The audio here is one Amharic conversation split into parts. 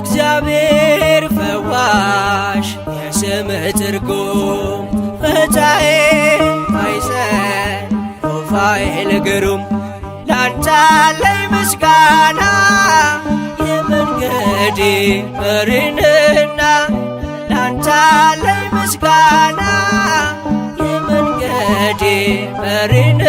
እግዚአብሔር ፈዋሽ የስምህ ትርጉም ፈታዬ አይዘ ሩፋኤል ግሩም ላንተ አለኝ ምስጋና የመንገዴ መሪንና ላንተ አለኝ ምስጋና የመንገዴ መሪን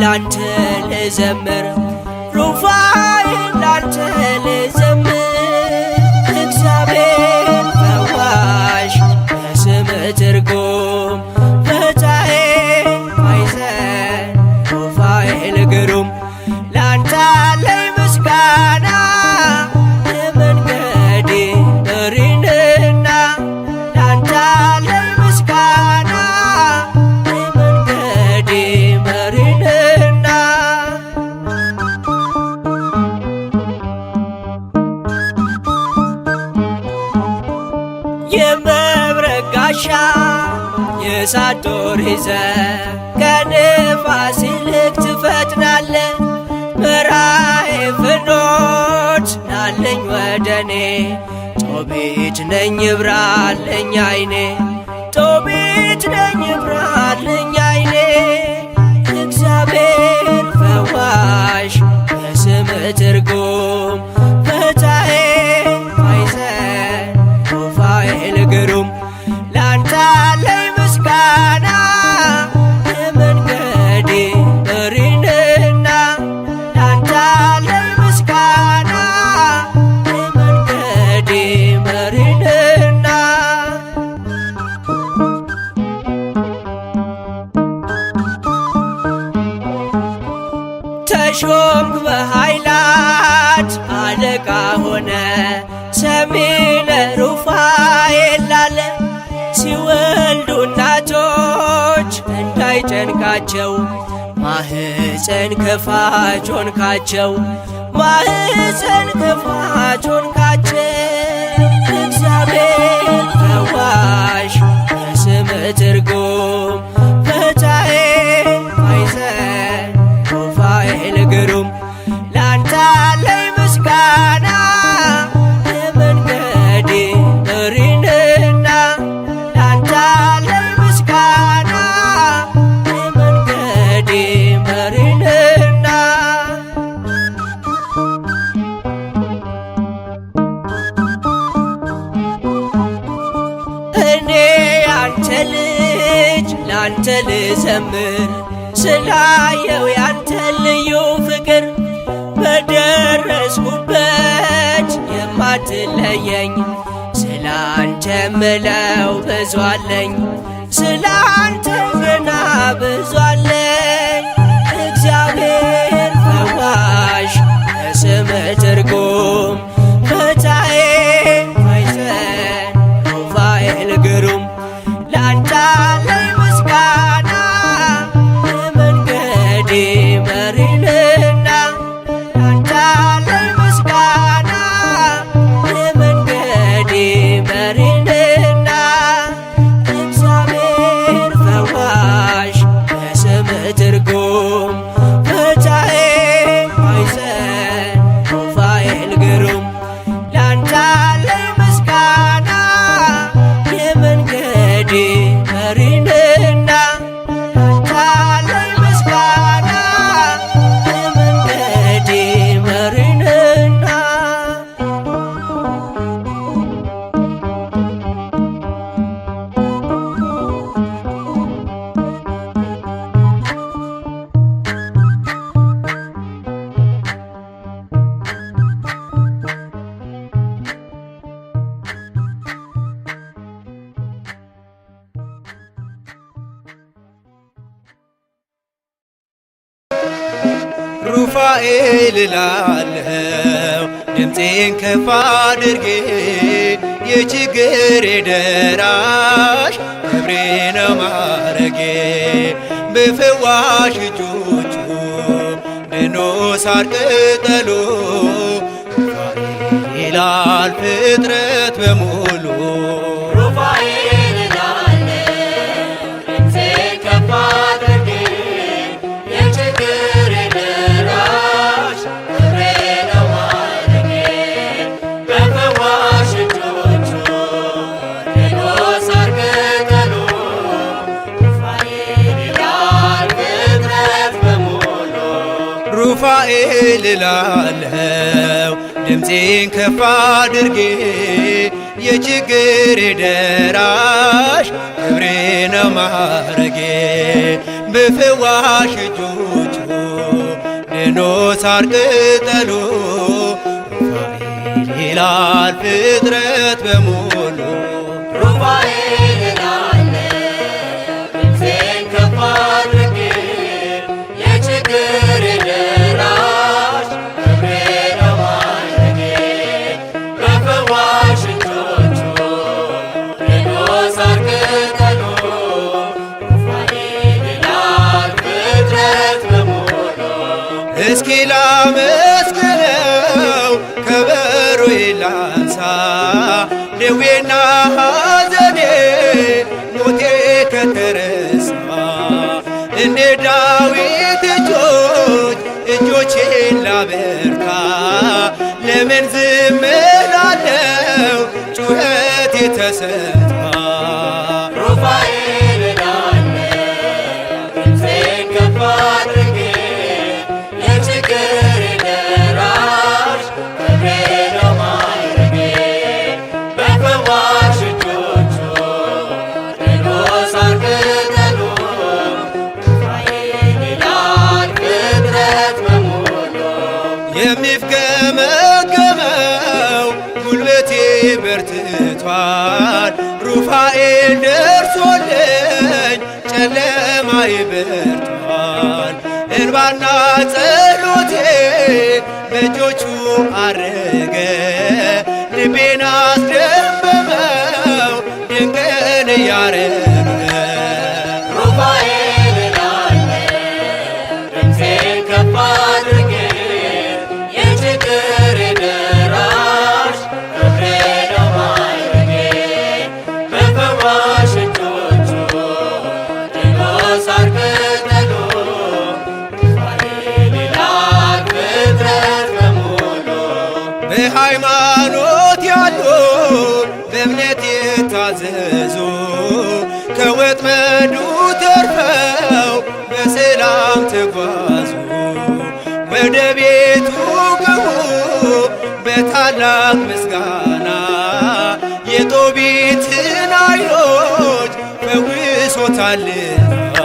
ላንተ ልዘምር ሩፋ ጦቢት ነኝ ብራለኝ አይኔ ጦቢት ነኝ ብራለኝ አይኔ እግዚአብሔር ፈዋሽ በስም ትርጉ ሆንካቸው ማህፀን ከፋች ሆንካቸው ማህፀን ከፋች ሆንካቸው እግዚአብሔር ፈዋሽ በስም ትርጉም ፈታዬ አይዘን ሩፋኤል ግሩም ያንተ ልጅ ላንተ ልዘምር ስላየው ያንተ ልዩ ፍቅር በደረስኩበት የማትለየኝ ስላንተ ምለው ብዙ አለኝ ስላንተ ገና ብዙ አለኝ እግዚአብሔር ፈዋሽ በስምህ ሩፋኤል እላለሁ ድምፄን ከፍ አድርጌ የችግሬ ደራሽ ክብሬ ነው ማረጌ በፈዋሽ እጆቹ ድኖ ሳር ቅጠሉ ሩፋኤል ይላል ፍጥረት በሙሉ ድምፄን ከፍ አድርጌ የችግር ደራሽ ክብሬ ነው ማረጌ በፈዋሽ እጆቹ ሳር ቅጠሉ ሩፋኤል ይላል ፍጥረት በሙሉ ደዌና ሐዘኔ ሞቴ ከተረሳ እንደ ዳዊት እጆች እጆቼን ላበርታ ለምን ዝም እላለሁ ጩኸት የተሰማ ቀን ደርሶልኝ ጨለማዬ በርቷል። እንባና ጸሎቴ በእጆቹ አረገ ተጓዙ ወደ ቤቱ ግቡ በታላቅ ምስጋና የጦቢትን አይኖች ፈውሶታልና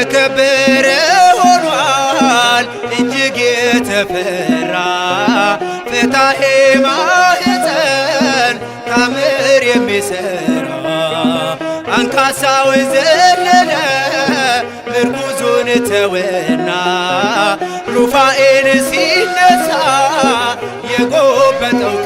የከበረ ሆኗል እጅግ የተፈራ ፍታሄ ማህፀን ታምር የሚሰራ አንካሳው ዘለለ እርጉዙን ተወና ሩፋኤል ሲነሳ የጎበጠው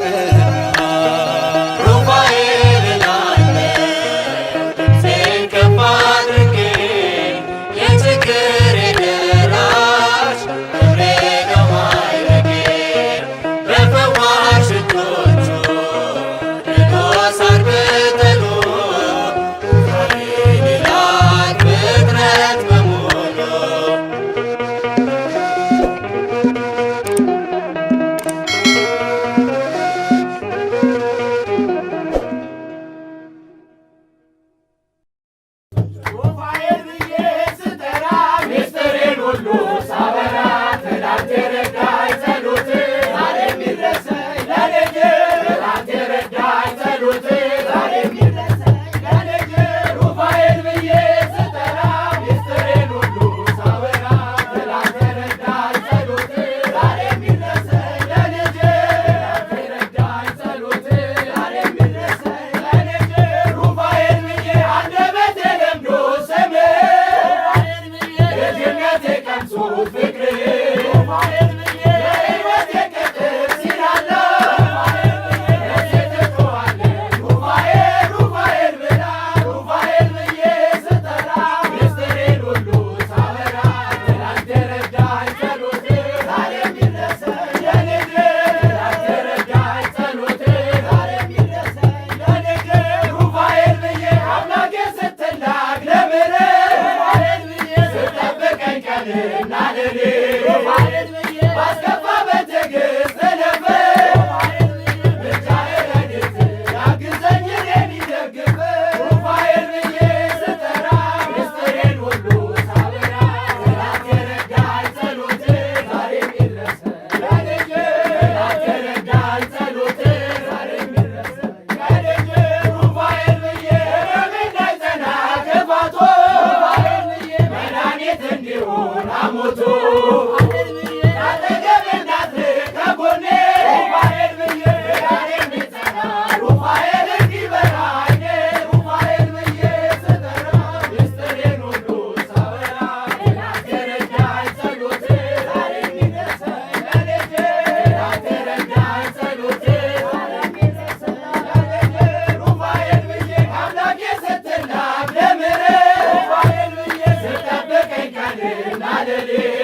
Nadali.